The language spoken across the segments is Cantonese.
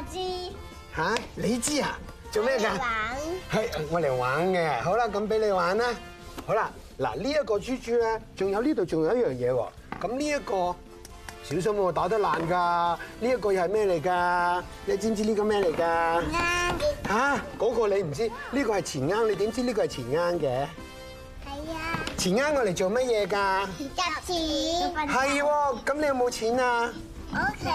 我知嚇、這個這個？你知啊？做咩噶？玩係我嚟玩嘅。好啦，咁俾你玩啦。好啦，嗱呢一個珠珠咧，仲有呢度仲有一樣嘢喎。咁呢一個小心喎，打得爛噶。呢一個又係咩嚟噶？你知唔知呢個咩嚟噶？錢罌。嚇，嗰個你唔知？呢個係錢罌，你點知呢個係錢罌嘅？係啊。錢罌我嚟做乜嘢噶？入錢。係喎，咁你有冇錢啊？屋企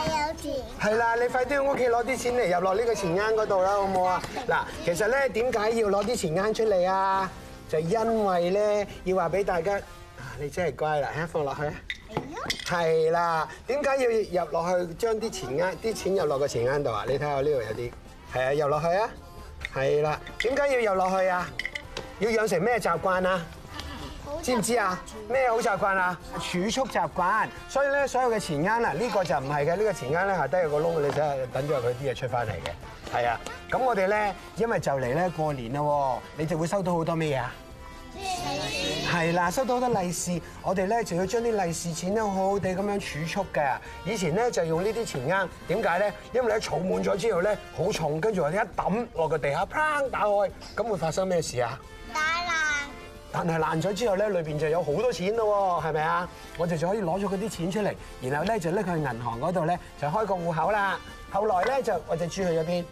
有錢，係啦，你快啲去屋企攞啲錢嚟入落呢個錢罌度啦，好唔好啊？嗱，其實咧，點解要攞啲錢罌出嚟啊？就因為咧，要話俾大家，啊，你真係乖啦，一放落去啊，係啊，係啦，點解要入落去將啲錢罌啲錢入落個錢罌度啊？你睇下呢度有啲，係啊，入落去啊，係啦，點解要入落去啊？要養成咩習慣啊？知唔知啊？咩好習慣啊？慣儲蓄習慣，所以咧，所有嘅錢罌啊，呢個就唔係嘅，呢個錢罌咧，下低有個窿，你睇下等咗佢啲嘢出翻嚟嘅。係啊，咁我哋咧因為就嚟咧過年啦，你就會收到好多咩嘢啊？係啦，收到好多利是，我哋咧就要將啲利是錢咧好好地咁樣儲蓄嘅。以前咧就用呢啲錢罌，點解咧？因為你儲滿咗之後咧好重，跟住我哋一揼落個地下，砰，打開，咁會發生咩事啊？但係爛咗之後咧，裏邊就有好多錢咯喎，係咪啊？我哋就可以攞咗佢啲錢出嚟，然後咧就搦去銀行嗰度咧就開個戶口啦。後來咧就我隻豬去咗邊？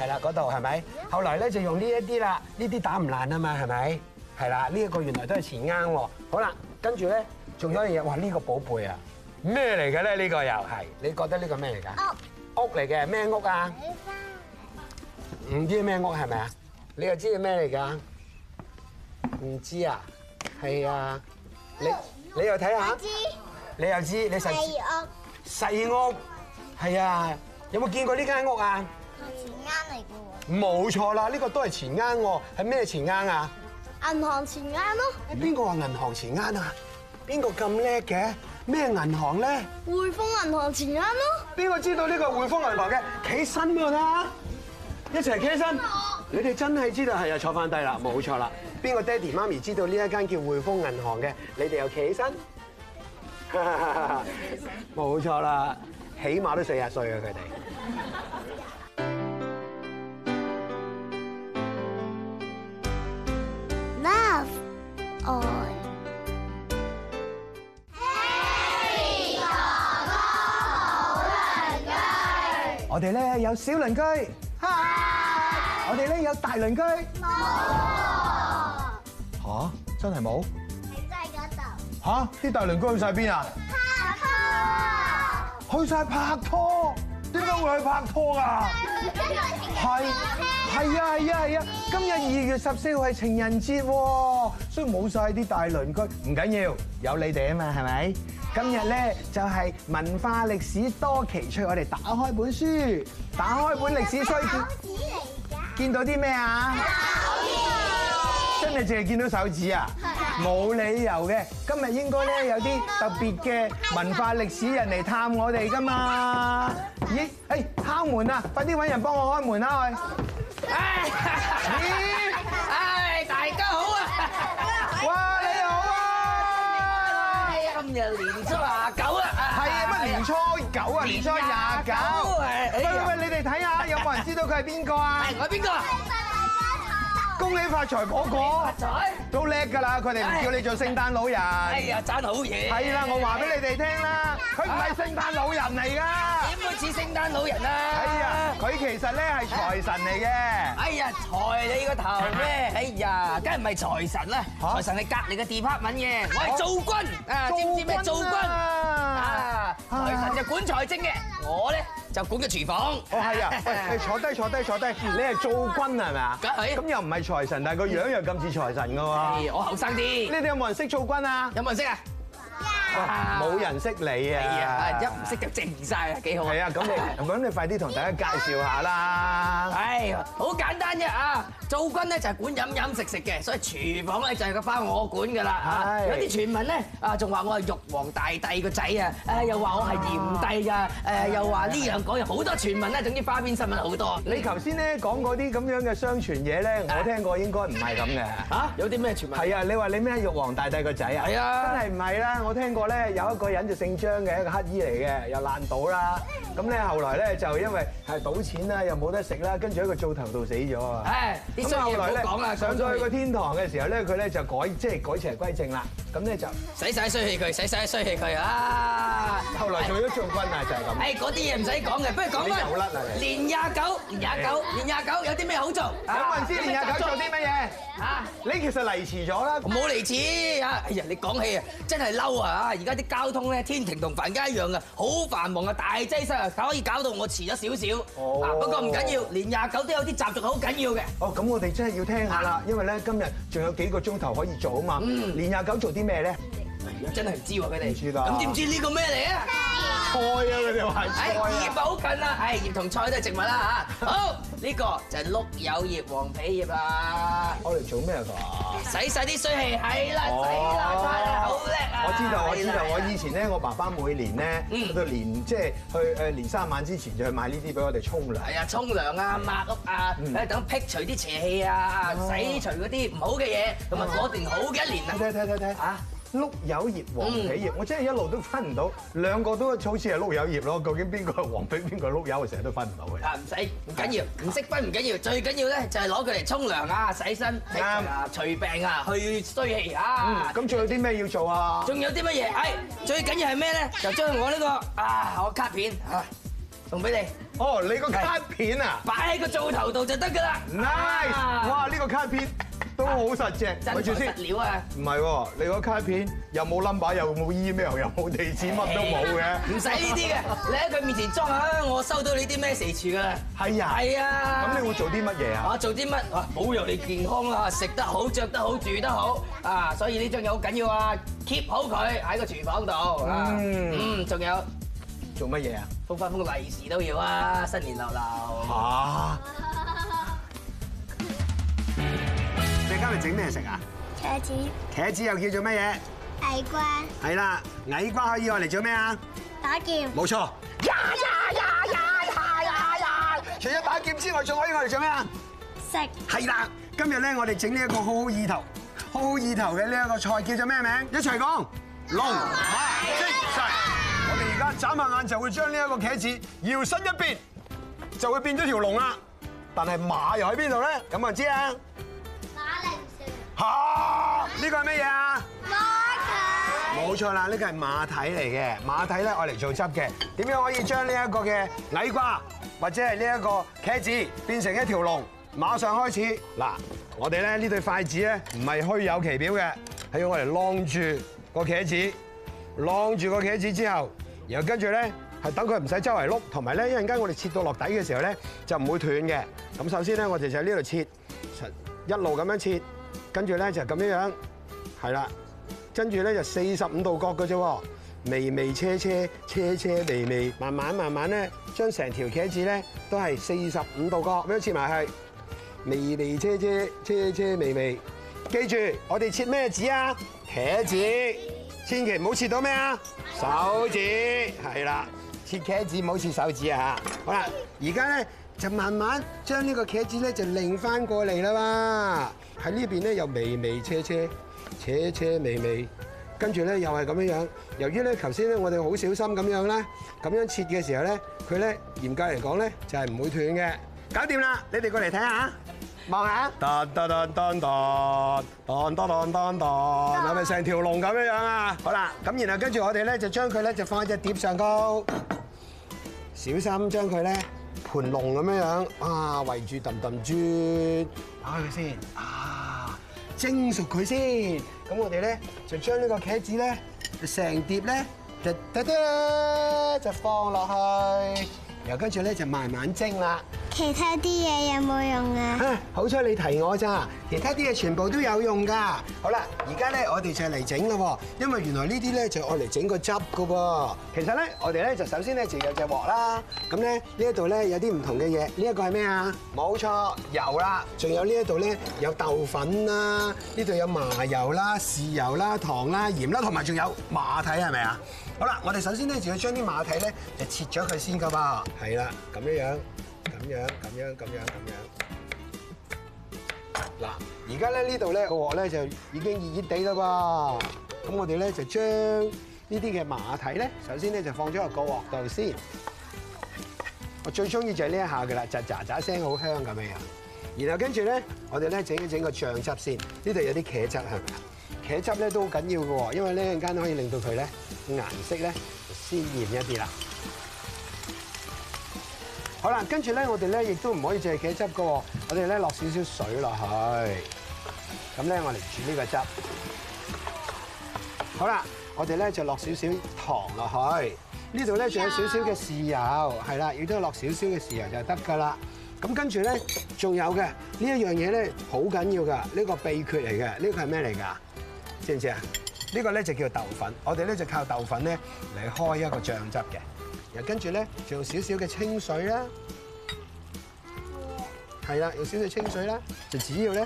係啦，嗰度係咪？後來咧就用呢一啲啦，呢啲打唔爛啊嘛，係咪？係啦，呢一個原來都係錢罌喎。好啦，跟住咧仲有一樣嘢，哇！呢個寶貝啊，咩嚟嘅咧？呢個又係你覺得呢個咩嚟㗎？屋屋嚟嘅，咩屋啊？唔知咩屋係咪啊？你又知係咩嚟㗎？唔知啊，係啊，你你又睇下，你又知，你實細屋，細屋，係啊，有冇見過呢間屋啊？錢罌嚟嘅喎，冇錯啦，呢個都係錢罌喎，係咩錢罌啊？銀行錢罌咯，邊個話銀行錢罌啊？邊個咁叻嘅？咩銀行咧？匯豐銀行錢罌咯，邊個知道呢個係匯豐銀行嘅？企身啦，一齊企身。你哋真係知道係又坐翻低啦，冇錯啦。邊個爹哋媽咪知道呢一間叫匯豐銀行嘅？你哋又企起身，冇錯啦，起碼都四廿歲，四十歲啊佢哋。Love all。我哋咧有小鄰居。我哋咧有大鄰居冇嚇，真係冇喺真嗰度嚇，啲大鄰居去曬邊啊？拍拖去曬拍拖，點解會去拍拖啊？係係啊係啊係啊！今日二月十四號係情人節喎，所以冇曬啲大鄰居，唔緊要，有你哋啊嘛，係咪？今日咧就係文化歷史多奇趣，我哋打開本書，打開本歷史書。見到啲咩啊？真係淨係見到手指啊！冇理由嘅，今日應該咧有啲特別嘅文化歷史人嚟探我哋㗎嘛？咦！哎，敲門啦，快啲搵人幫我開門啦喂！哎！哎，大家好啊！哇，你好啊！今日年初廿九啊，係乜年初？九啊，連莊廿九！喂喂喂，你哋睇下，有冇人知道佢係邊個啊？係我邊個啊？恭喜發財婆婆！發財都叻㗎啦！佢哋唔叫你做聖誕老人。哎呀，爭好嘢！係啦，我話俾你哋聽啦，佢唔係聖誕老人嚟㗎。點會似聖誕老人啊？哎呀，佢其實咧係財神嚟嘅。哎呀，財你個頭咩？哎呀，梗係唔係財神啦？財神係隔離嘅 department 嘅，我係灶君。誒，知唔知咩灶君？管財政嘅，我咧就管嘅廚房。哦，係啊，喂，你坐低坐低坐低，你係灶君啊，係咪啊？咁梗係 又唔係財神，但係個樣又咁似財神㗎喎。我後生啲。你哋有冇人識灶君啊？有冇人識啊？冇人識你啊！一唔識就靜晒啊，幾好啊！咁你咁你快啲同大家介紹下啦！唉，好簡單啫啊！灶君咧就係管飲飲食食嘅，所以廚房咧就係個包我管噶啦啊！有啲傳聞咧啊，仲話我係玉皇大帝個仔啊！誒，又話我係炎帝噶誒，又話呢樣嗰樣好多傳聞啦。總之花邊新聞好多。你頭先咧講嗰啲咁樣嘅相傳嘢咧，我聽過應該唔係咁嘅嚇。有啲咩傳聞？係啊！你話你咩玉皇大帝個仔啊？係啊！真係唔係啦，我聽過。咧有一個人就姓張嘅一個乞兒嚟嘅，又爛賭啦。咁咧後來咧就因為係賭錢啦，又冇得食啦，跟住喺個灶頭度死咗。誒，啲衰氣唔好講啦。上咗去個天堂嘅時候咧，佢咧就改即係改邪歸正啦。咁咧就洗曬衰氣佢，洗曬衰氣佢啦。後來做咗將軍啊，就係咁。誒，嗰啲嘢唔使講嘅，不如講翻。年廿九，年廿九，年廿九，有啲咩好做？想問知年廿九做啲乜嘢？嚇，你其實嚟遲咗啦。冇嚟遲啊！哎呀，你講起啊，真係嬲啊！而家啲交通咧，天庭同凡間一樣嘅，好繁忙啊，大擠塞啊，可以搞到我遲咗少少。嗱，不過唔緊要，年廿九都有啲習俗好緊要嘅。哦，咁我哋真係要聽下啦，因為咧今日仲有幾個鐘頭可以做啊嘛。嗯。年廿九做啲咩咧？真係唔知喎，佢哋。唔知㗎。咁點知呢個咩嚟？菜啊！佢哋話，葉好近啦，葉同菜都係植物啦嚇。好，呢個就係碌柚葉黃皮葉啊。我哋做咩啊？洗曬啲水氣喺啦，洗啦曬啦，好叻啊！我知道，我知道，我以前咧，我爸爸每年咧，佢就年即係去誒年三十晚之前就去買呢啲俾我哋沖涼。係啊，沖涼啊，抹屋啊，誒等辟除啲邪氣啊，洗除嗰啲唔好嘅嘢，咁啊攞定好嘅一年啊！睇睇睇睇睇嚇。碌柚葉黃皮葉，我真係一路都分唔到，兩個都好似係碌柚葉咯，究竟邊個係黃皮，邊個碌柚？我成日都分唔到佢。啊，唔使，唔緊要，唔識分唔緊要，最緊要咧就係攞佢嚟沖涼啊、洗身啊、除病啊、去衰氣啊。咁仲有啲咩要做啊？仲有啲乜嘢？誒，最緊要係咩咧？就將我呢個啊，我卡片啊送俾你。哦，你個卡片啊，擺喺個灶頭度就得㗎啦。Nice！哇，呢個卡片。都好實質，攰住先，唔係喎，你個卡片又冇 number，又冇 email，又冇地址，乜都冇嘅，唔使呢啲嘅，你喺佢面前裝下，我收到你啲 message 啦，係啊，係啊，咁你會做啲乜嘢啊？我做啲乜？保佑你健康啦，食得好，著得好，住得好，啊，所以呢張嘢好緊要啊，keep 好佢喺個廚房度啊，嗯，仲有做乜嘢啊？封翻封個利是都要啊，新年流流。你今日整咩食啊？茄子。茄子又叫做乜嘢？矮瓜。係啦，矮瓜可以用嚟做咩啊？打劍。冇錯。呀呀呀呀呀呀！除咗打劍之外，仲可以用嚟做咩啊打劍？食。係啦，今日咧我哋整呢一個好好意頭、好好意頭嘅呢一個菜叫做咩名？一齊講。龍馬精神。我哋而家眨下眼就會將呢、就是嗯、一個茄子搖身一變，就會變咗條龍啦。但係馬又喺邊度咧？咁啊知啊。Seven. 嚇！呢個係咩嘢啊？馬蹄。冇錯啦，呢個係馬蹄嚟嘅。馬蹄咧我嚟做汁嘅。點樣可以將呢一個嘅矮瓜或者係呢一個茄子變成一條龍？馬上開始嗱，我哋咧呢對筷子咧唔係虛有其表嘅，係用嚟晾住個茄子，晾住個茄子之後，然後跟住咧係等佢唔使周圍碌，同埋咧一陣間我哋切到落底嘅時候咧就唔會斷嘅。咁首先咧，我哋就喺呢度切，一路咁樣切。跟住咧就咁樣係啦。跟住咧就四十五度角嘅啫，微微斜斜，斜斜微微，慢慢慢慢咧，將成條茄子咧都係四十五度角咁樣切埋去。微微斜斜，斜斜微微。記住，我哋切咩紙啊？茄子，千祈唔好切到咩啊？手指，係啦，切茄子唔好切手指啊！吓，好啦，而家咧。就慢慢將呢個茄子咧就擰翻過嚟啦嘛，喺呢邊咧又微微斜斜，斜斜微微，跟住咧又係咁樣樣。由於咧頭先咧我哋好小心咁樣咧，咁樣切嘅時候咧，佢咧嚴格嚟講咧就係唔會斷嘅。搞掂啦，你哋過嚟睇下，望下。噹噹噹噹噹噹噹噹噹噹，係咪成條龍咁樣樣啊？好啦，咁然後跟住我哋咧就將佢咧就放喺隻碟上高，小心將佢咧。盤龍咁樣樣啊，圍住氹氹轉，打開佢先啊，蒸熟佢先。咁我哋咧就將呢個茄子咧成碟咧，就放落去，然後跟住咧就慢慢蒸啦。其他啲嘢有冇用啊？好彩你提我咋，其他啲嘢全部都有用噶。好啦，而家咧我哋就嚟整咯，因為原來呢啲咧就愛嚟整個汁噶噃。其實咧，我哋咧就首先咧就有隻鑊啦。咁咧呢一度咧有啲唔同嘅嘢，呢一個係咩啊？冇錯，油啦，仲有呢一度咧有豆粉啦，呢度有麻油啦、豉油啦、糖啦、鹽啦，同埋仲有馬蹄係咪啊？好啦，我哋首先咧就要將啲馬蹄咧就切咗佢先噶噃。係啦，咁樣樣。咁樣，咁樣，咁樣，咁樣。嗱，而家咧呢度咧個鑊咧就已經熱熱地啦噃。咁我哋咧就將呢啲嘅馬蹄咧，首先咧就放咗落個鑊度先。我最中意就係呢一下噶啦，就喳喳聲好香咁樣。然後跟住咧，我哋咧整一整個醬汁先。呢度有啲茄汁係咪啊？茄汁咧都好緊要嘅喎，因為呢陣間可以令到佢咧顏色咧鮮豔一啲啦。好啦，跟住咧，我哋咧亦都唔可以淨係茄汁㗎喎，我哋咧落少少水落去，咁咧我嚟煮呢個汁。好啦，我哋咧就落少少糖落去，呢度咧仲有少少嘅豉油，係啦，亦都落少少嘅豉油就得噶啦。咁跟住咧仲有嘅呢一樣嘢咧好緊要㗎，呢個秘訣嚟嘅，呢個係咩嚟㗎？知唔知啊？呢、呢個咧就叫豆粉，我哋咧就靠豆粉咧嚟開一個醬汁嘅。又跟住咧，就用少少嘅清水啦，係啦，用少少清水啦，就只要咧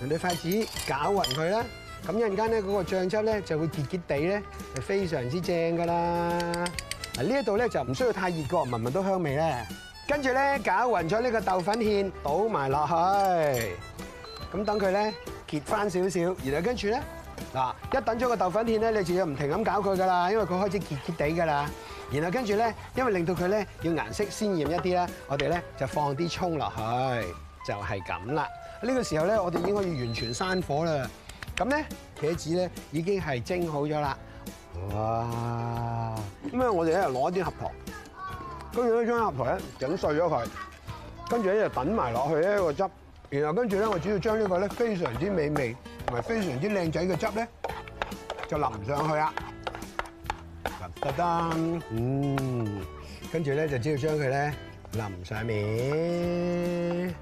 用對筷子攪勻佢啦。咁一陣間咧，嗰個醬汁咧就會結結地咧，就非常之正噶啦。嗱，呢一度咧就唔需要太熱過，聞唔聞到香味咧？跟住咧攪勻咗呢個豆粉芡，倒埋落去，咁等佢咧結翻少少。然後跟住咧，嗱，一等咗個豆粉芡咧，你就要唔停咁攪佢噶啦，因為佢開始結結地噶啦。然後跟住咧，因為令到佢咧要顏色鮮豔一啲咧，我哋咧就放啲葱落去，就係咁啦。呢個時候咧，我哋應該要完全閂火啦。咁咧，茄子咧已經係蒸好咗啦。哇！咁啊，我哋一係攞啲核桃，跟住咧將核桃咧整碎咗佢，跟住咧就揼埋落去呢個汁。然後跟住咧，我主要將呢個咧非常之美味同埋非常之靚仔嘅汁咧，就淋上去啦。得，嗯，跟住咧就只要將佢咧淋上面，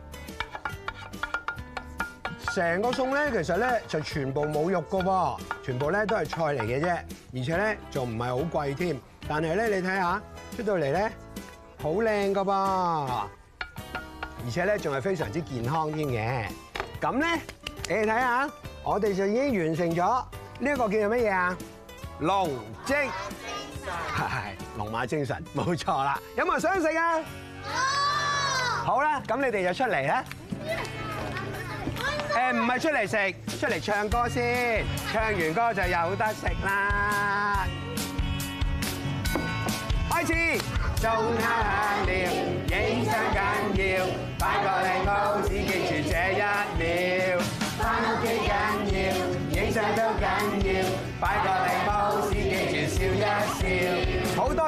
成個餸咧其實咧就全部冇肉噶喎，全部咧都係菜嚟嘅啫，而且咧仲唔係好貴添，但係咧你睇下出到嚟咧好靚噶噃，而且咧仲係非常之健康添嘅，咁咧你睇下，我哋就已經完成咗呢一個叫做乜嘢啊？龍蒸。係係，龍馬精神，冇錯啦！有冇人想食啊？好，好啦，咁你哋就出嚟啦。誒，唔係出嚟食，出嚟唱歌先，唱完歌就有得食啦！開始。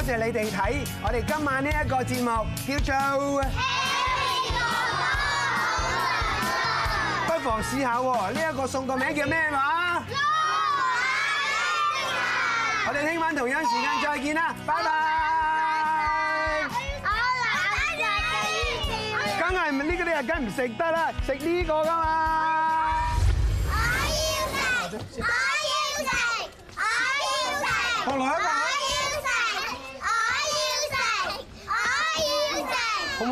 謝，謝你哋睇我哋今晚呢一個節目叫做不妨試下喎，呢一個餸個名叫咩話？我哋聽晚同樣時間再見啦，拜拜。好嚟食嘅呢啲，梗係唔呢啲，又梗唔食得啦，食呢個噶嘛。我要食，我要食，我要食。